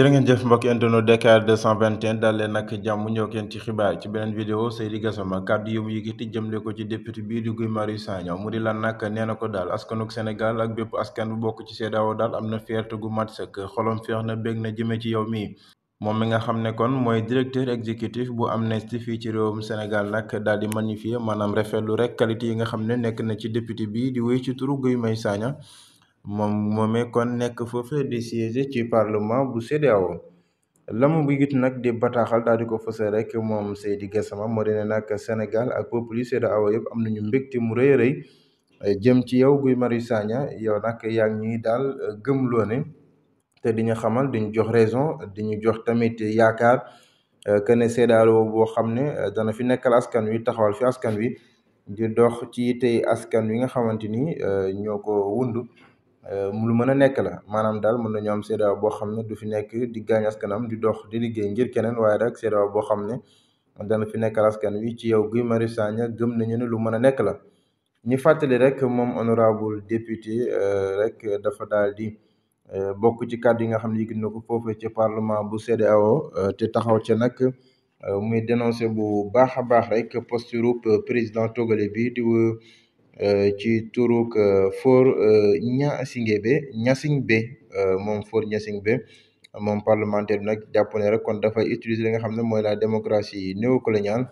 jërë ngeen jëf mbokk internet Dakar 221 daal leen nag jàmm ñëw kenn ci xibaar ci beneen vidéo Seydi Gassama kàddu yu mu yëkkati jëmle ko ci député bii di Guy Marius Sagna mu di lan nag nee ko daal askanuk Sénégal ak bépp askan bu bokk ci CEDEAO daal am na fierté gu mat sëkk xolom féex na bég na jëme ci yow mii moom mi nga xam ne kon mooy directeur exécutif bu Amnesty fii ci réew réewum Sénégal nag daal di magnifier maanaam rafetlu rek qualité yi nga xam ne nekk na ci député bii di wéy ci turu Guy Marius Sagna moom moome kon nekk foofu di siège ci parlement bu CEDEAO lamu bu it nag di bataaxal daal di ko fësal rek moom Seydi Gassama moo di ne nag Sénégal ak peuple yi CEDEAO yëpp am na ñu mbégte mu rëy rëy eh, jëm ci yow Guy mari Sagna yow nag yaa ngi daal eh, gëm ne te di ñu xamal di ñu jox raison di ñu jox tamit yaakaar eh, que ne CEDEAO boo xam ne dana fi nekkal askan wi taxawal fi askan wi di dox ci tey askan wi nga xamante ni ñoo ko wund. Euh, lu mën a nekk la maanaam daal mën nañu am CEDEAO boo xam ne du fi nekk di gaañ askanam di dox di liggéey ngir keneen waaye rek CEDEAO boo xam ne dana fi nekkal askan wi ci yow Guy Marius Sagna gëm nañu ne lu mën a nekk la ñu fàttali rek moom honorable député euh, rek dafa daal di euh, bokk ci kàddu yi nga xam ne yëgit na ko foofu ci parlement bu CEDEAO te taxaw ca nag muy dénoncé bu baax a baax rek posture président togolais bi di Euh, ci turuk Faure euh, Gnassingbé be euh, moom Faure Gnassingbé moom parlementaire bi nag jàpp ne rek kon dafa utiliser li nga xam ne mooy la démocratie néocoloniale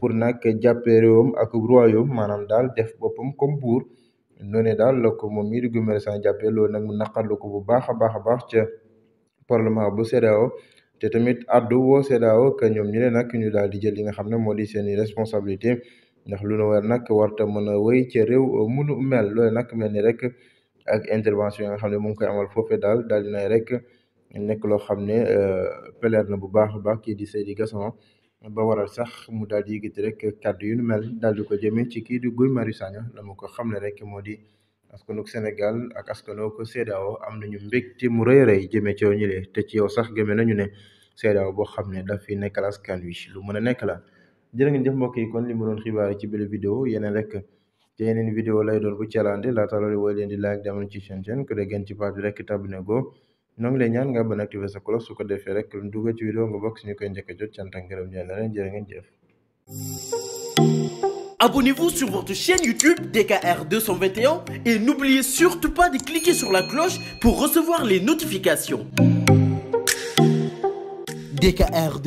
pour nag jàppee réewam ak royaume maanaam daal def boppam comme buur noonu daal la ko moom mii di Guy Marius Sagna jàppee loolu nag ko bu baax a baax a baax ca parlement bu CEDEAO te tamit addu woo CEDEAO que ñoom ñu ne nag ñu daal di jël li nga xam ne moo di seen i responsabilité ndax lu nu war nag warta mën a wéy ca réew munu mel loolu nag mel ni rek ak intervention yi xam ne mu ngi koy amal foofee daal daal dinay rek nekk loo xam ne euh, peleer na bu baax a baax kii di Seydi Gassama ba waral sax mu daal di yëkkati rek kàddu yu nu mel daal di ko jëmme ci kii di Guy Marius Sagna la mu ko xam ne rek moo di askanug Sénégal ak askanoo ko CEDEAO am nañu mbégte mu rëy rëy jëmee ci yow ñu lee te ci yow sax gëmee nañu ne CEDEAO boo xam ne daf fi nekkal askan wi lu mën a nekk la jërë ngeen jëf mbokk yi kon li mu xibaar ci bële vidéo yeneen rek te yeneen vidéo lay doon bu calande laata loolu woy leen di like di ci chaîne chaîne ku dee gën ci page bi rek tabne go ñoo ngi lay ñaan nga ban activer su ko rek lu dugg ci vidéo nga bokk suñu koy njëkk a jot cant ak ngërëm ñeel na leen jërë ngeen jëf Abonnez-vous sur votre chaîne YouTube DKR et n'oubliez surtout pas de cliquer sur la cloche pour recevoir les notifications. DKR